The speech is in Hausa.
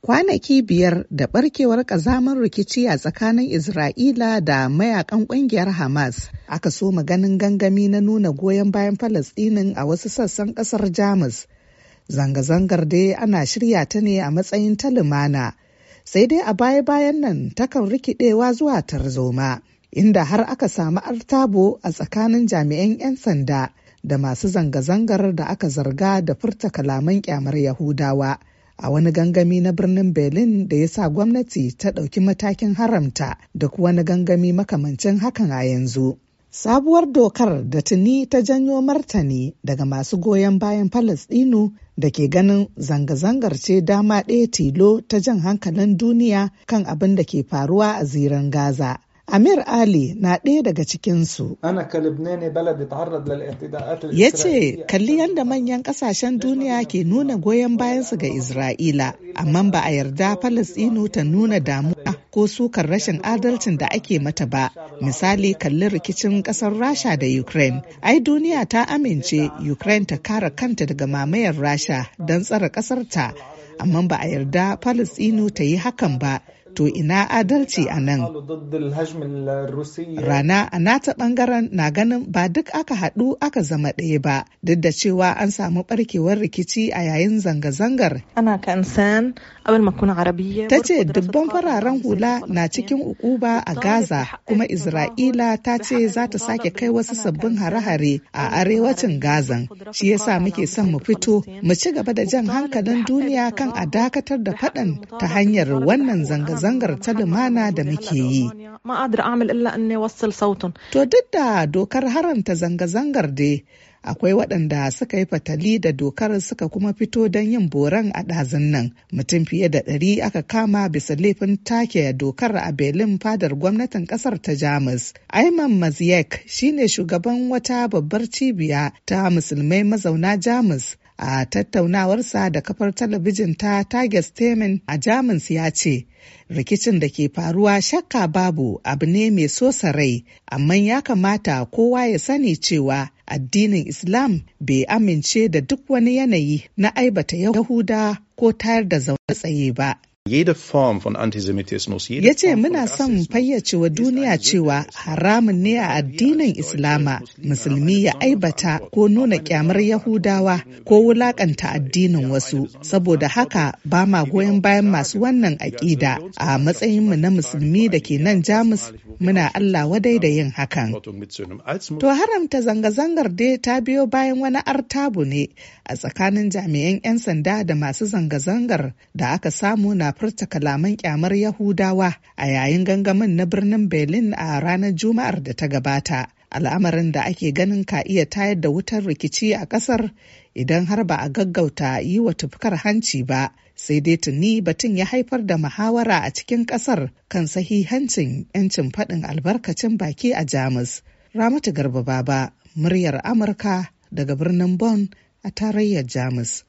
Kwanaki biyar da barkewar ƙazamar rikici a tsakanin Isra'ila da mayakan ƙungiyar Hamas aka so maganin gangami na nuna goyon bayan Falasɗinin a wasu sassan ƙasar Jamus. Zanga-zangar dai ana shirya ta ne a matsayin Talimana. sai dai a baya-bayan nan takan rikidewa zuwa tarzoma inda har aka samu artabo a tsakanin jami'an 'yan sanda da masu zanga-zangar da aka zarga da furta kalaman kyamar yahudawa a wani gangami na birnin Berlin da ya sa gwamnati ta ɗauki matakin haramta duk wani gangami makamancin hakan a yanzu. Sabuwar dokar da tuni ta janyo martani daga masu goyon bayan Falasɗinu da ke ganin zanga-zangar ce dama ɗaya tilo ta jan hankalin duniya kan abin da ke faruwa a ziran Gaza. Amir Ali na ɗaya daga cikinsu. Ya ce, kalli yadda manyan ƙasashen duniya ke nuna goyon bayansu ga Isra'ila, amma ba a yarda Falasɗinu ta nuna damuwa ko sukar rashin adalcin da ake mata ba. Misali, kalli rikicin ƙasar Rasha da Ukraine. Ai, duniya ta amince Ukraine ta kare kanta daga mamayar Rasha don tsare ƙasarta, amma ba a yarda Falasɗinu ta yi hakan ba. To ina adalci a nan? Rana a nata bangaren na ganin ba duk aka haɗu aka zama ɗaya ba, duk da cewa an samu barkewar rikici a yayin zanga-zangar. Ta ce dubban fararen hula na cikin ukuba a Gaza kuma Isra'ila ta ce za ta sake kai wasu sabbin hare-hare a arewacin Gazan. Shi yasa muke son mu fito mu ci gaba da jan hankalin duniya kan a dakatar da faɗan ta hanyar wannan zanga-zangar. zanga-zangar ta lumana da muke yi. To duk da dokar haramta zanga-zangar dai akwai waɗanda suka yi fatali da dokar suka kuma fito don yin boran a ɗazin nan mutum fiye da ɗari aka kama bisa laifin take dokar a belin fadar gwamnatin ƙasar ta jamus aiman maziyek shine shugaban wata babbar cibiya ta musulmai mazauna jamus a tattaunawarsa da kafar talabijin ta Tages Temin a Jamus ya ce, rikicin da ke faruwa shakka babu abu ne mai sosa rai, amma ya kamata kowa ya sani cewa addinin Islam bai amince da duk wani yanayi na aibata Yahuda ko tayar da zaune tsaye ba. Ya ce muna son fayyace wa duniya cewa haramun ne a addinin Islama musulmi ya aibata ko nuna kyamar Yahudawa ko wulakanta addinin wasu. Saboda haka ba ma goyon bayan masu wannan aƙida a matsayinmu na musulmi da ke nan Jamus muna Allah wadai da yin hakan. To haramta zanga-zangar dai ta biyo bayan wani artabu ne a tsakanin jami'an 'yan sanda da masu zanga-zangar da aka samu na furta kalaman kyamar Yahudawa a yayin gangamin na birnin Berlin a ranar Juma'ar da ta gabata. Al'amarin da ake ganin ka iya tayar da wutar rikici a ƙasar idan har ba a gaggauta yi wa tufkar hanci ba, sai dai tuni batun ya haifar da muhawara a cikin ƙasar kan sahihancin 'yancin faɗin albarkacin baki a Jamus. Ramatu Garba Baba, muryar Amurka daga birnin Bonn a tarayyar Jamus.